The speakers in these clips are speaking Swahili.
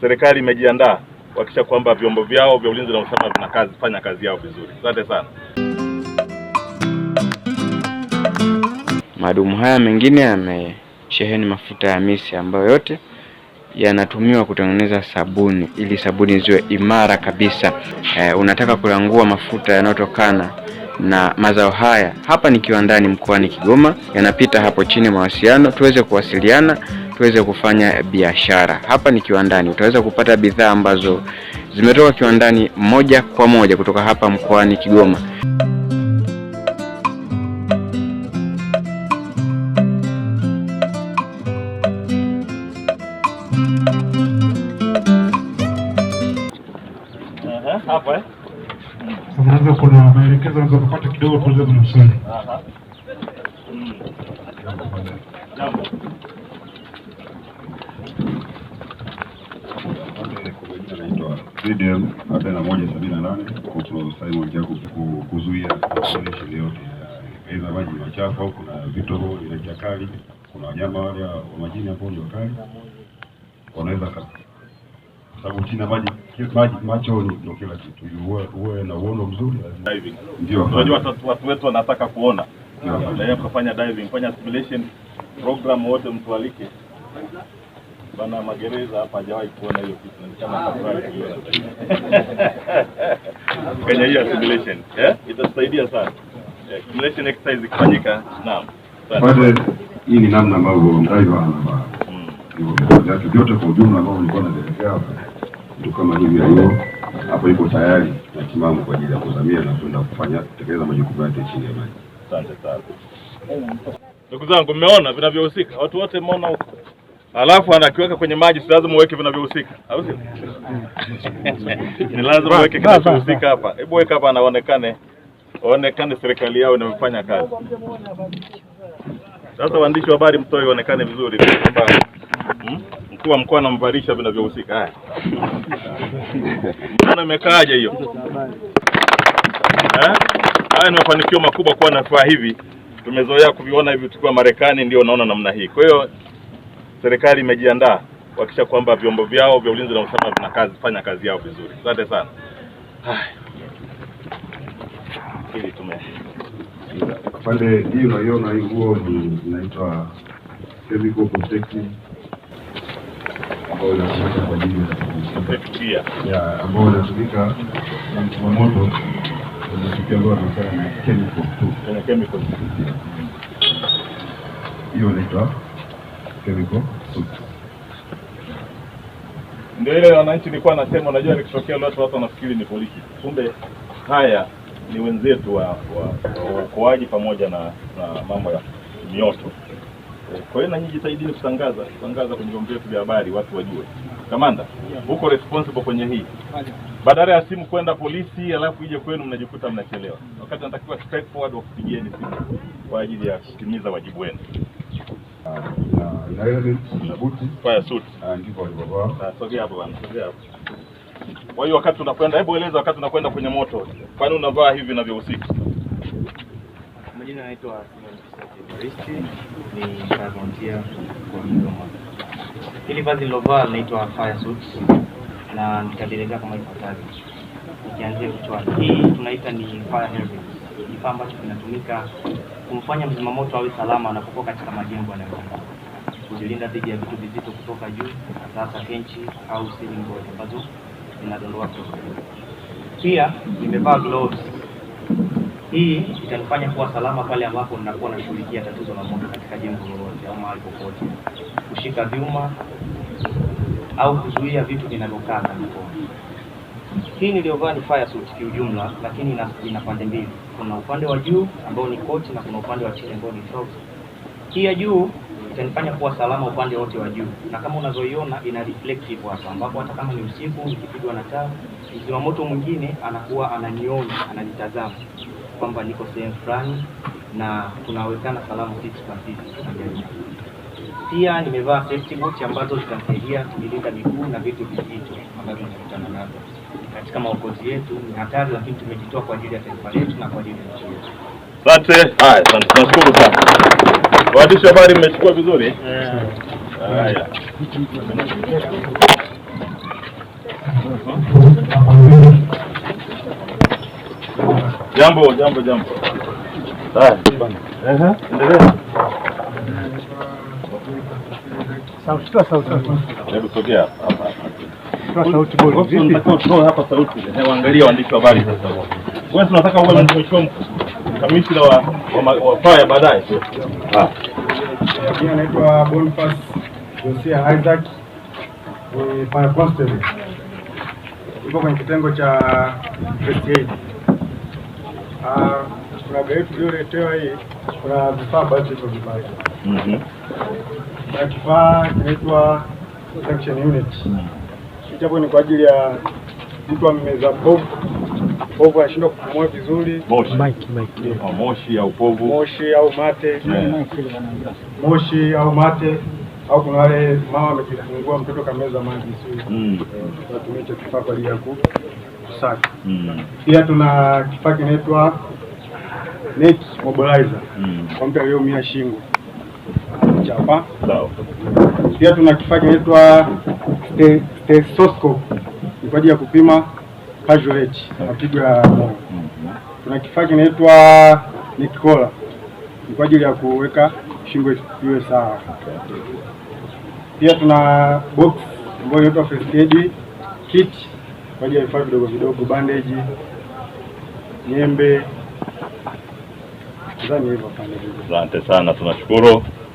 serikali imejiandaa kuhakikisha kwamba vyombo vyao vya ulinzi na usalama vina kazi, fanya kazi yao vizuri. Asante sana. Madumu haya mengine yamesheheni mafuta ya misi ambayo yote yanatumiwa kutengeneza sabuni ili sabuni ziwe imara kabisa. E, unataka kulangua mafuta yanayotokana na mazao haya. Hapa ni kiwandani mkoani Kigoma, yanapita hapo chini mawasiliano, tuweze kuwasiliana tuweze kufanya biashara. Hapa ni kiwandani, utaweza kupata bidhaa ambazo zimetoka kiwandani moja kwa moja kutoka hapa mkoani Kigoma. Hapa eh, kuna maelekezo unaweza kupata kidogo kuuliza Aha. CDM ada na moja sabini na nane kuhusu Simon Jacob kuzuia operation yote aidha maji machafu au kuna vitu vya ncha kali, kuna wanyama wale wa majini ambao ni wakali wanaweza kwa sababu china maji maji macho ndio kila kitu, uwe na uono mzuri. Diving ndio unajua, watu wetu wanataka kuona kufanya diving, fanya simulation program, wote mtualike Bana magereza hapa hajawahi kuona hiyo kitu, kama kuiona kwenye hiyo simulation eh, itasaidia sana simulation exercise ikifanyika. Naam, hii ni namna ambavyo driver ana viatu vyote kwa ujumla ambao nilikuwa naelekea hapa, vitu kama hivi. Hiyo hapo ipo tayari na timamu kwa ajili ya kuzamia na kwenda kufanya kutekeleza majukumu yake chini ya maji. Asante sana ndugu zangu, mmeona vinavyohusika, watu wote mmeona huko alafu anakiweka kwenye maji, si lazima uweke vinavyohusika, au sio? Ni lazima uweke kinachohusika hapa. Hebu weka hapa, anaonekane waonekane serikali yao inafanya kazi. Sasa waandishi wa habari, mtoe ionekane vizuri kwamba hmm? mkuu wa mkoa anamvalisha vinavyohusika. Haya, mbona imekaaje hiyo? Eh? Haya ni mafanikio makubwa kuwa nafaa hivi, tumezoea kuviona hivi tukiwa Marekani, ndio unaona namna hii. Kwa hiyo serikali imejiandaa kuhakikisha kwamba vyombo vyao vya ulinzi na usalama vina kazi, fanya kazi yao vizuri. Asante sana. Hili tume pande hii unaiona hii nguo ni inaitwa chemical protective ambayo inatumika kwa ajili ya ambayo inatumika na mkuma moto atukio ambayo anafanya na chemical tu, chemical hiyo inaitwa ndio ile wananchi nilikuwa nasema, unajua nikitokea leo watu wanafikiri ni polisi, kumbe haya ni wenzetu wa uokoaji wa, pamoja na, na mambo ya mioto. Eh, kwa hiyo nanyi jitahidini kutangaza kutangaza kwenye vyombo vyetu vya habari, watu wajue kamanda huko responsible kwenye hii, badala ya simu kwenda polisi alafu ije kwenu mnajikuta mnachelewa, wakati anatakiwa straightforward wa kupigieni simu kwa ajili ya kutimiza wajibu wenu. Ah, kwa hiyo wakati tunakwenda, hebu eleza wakati tunakwenda kwenye moto, kwani unavaa hivi vinavyohusika? Majina naitwa Baristi, ni volunteer kwa Mdoma. Hili vazi nilovaa linaitwa fire suit na nitalielezea kama ifuatavyo. Nikianzia kichwani, hii tunaita ni fire helmet, kifaa ambacho kinatumika kumfanya mzima moto awe salama anapokuwa katika majengo yanayoungua, kujilinda dhidi ya vitu vizito kutoka juu, hasa kenchi au ceiling board ambazo zinadondoa kutoka juu. Pia nimevaa gloves. Hii itanifanya kuwa salama pale ambapo ninakuwa nashughulikia tatizo la moto katika jengo lolote au mahali popote, kushika vyuma au kuzuia vitu vinavyokaa mikono. Hii niliyovaa ni fire suit kiujumla, lakini ina, ina pande mbili. Kuna upande wa juu ambao ni koti na kuna upande wa chini ambao ni trouser. Hii ya juu itanifanya kuwa salama upande wote wa juu, na kama unavyoiona ina reflective hapa, ambapo hata kama ni usiku ikipigwa na taa, mzima moto mwingine anakuwa ananiona, ananitazama kwamba niko sehemu fulani na tunawekana salama sisi kwa sisi. Pia nimevaa safety boots ambazo zitasaidia kujilinda miguu na vitu vizito ambavyo nitakutana navyo katika maokozi yetu ni hatari, lakini tumejitoa kwa ajili ya taifa letu na kwa ajili ya nchi yetu. Asante. Haya, asante, Nashukuru sana waandishi habari, mmechukua vizuri. Haya, jambo jambo jambo. Haya, endelea. Sauti, sauti. Hebu sogea hapa utoe hapa sauti, angalia waandishi wa habari sasa. Wewe tunataka uwe mheshimiwa kamishna wa faya baadaye. Ah. Anaitwa Boniface Josia Isaac, ni fire constable, ipo kwenye kitengo cha first aid. Ah, kuna gari tulioletewa hii, kuna vifaa baadhi hivyo vibaya, mhm. kuna kifaa kinaitwa section unit mm. Kichapo ni kwa ajili ya mtu ameza povu, povu anashindwa kupumua vizuri, oh, moshi au povu, moshi au mate, moshi au mate au kuna wale mama amejifungua mtoto kameza maji vizuri, mm. tunatumia hicho kifaa kwa ajili ya kusaka. Mm. Pia tuna kifaa kinaitwa net mobilizer mm. kwa mtu aliyeumia shingo hapa. Pia tuna kifaa kinaitwa stethoscope ni kwa ajili ya kupima heart rate, mapigo ya moyo. Tuna kifaa kinaitwa Nicola ni kwa ajili ya kuweka shingo iwe sawa. Pia tuna box ambayo inaitwa first aid kit kwa ajili ya vifaa vidogo vidogo, bandage, nyembe. Asante sana, tunashukuru.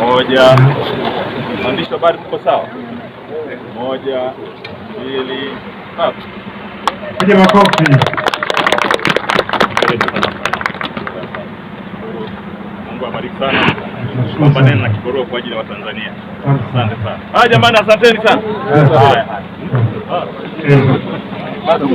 Moja. Mwandishi wa habari tuko sawa? Moja, mbili, tatu. Piga makofi. Mungu awabariki sana. Kwamba neno na kiboroo kwa ajili ya Watanzania. Asante sana. Haya jamani asanteni sana. Bado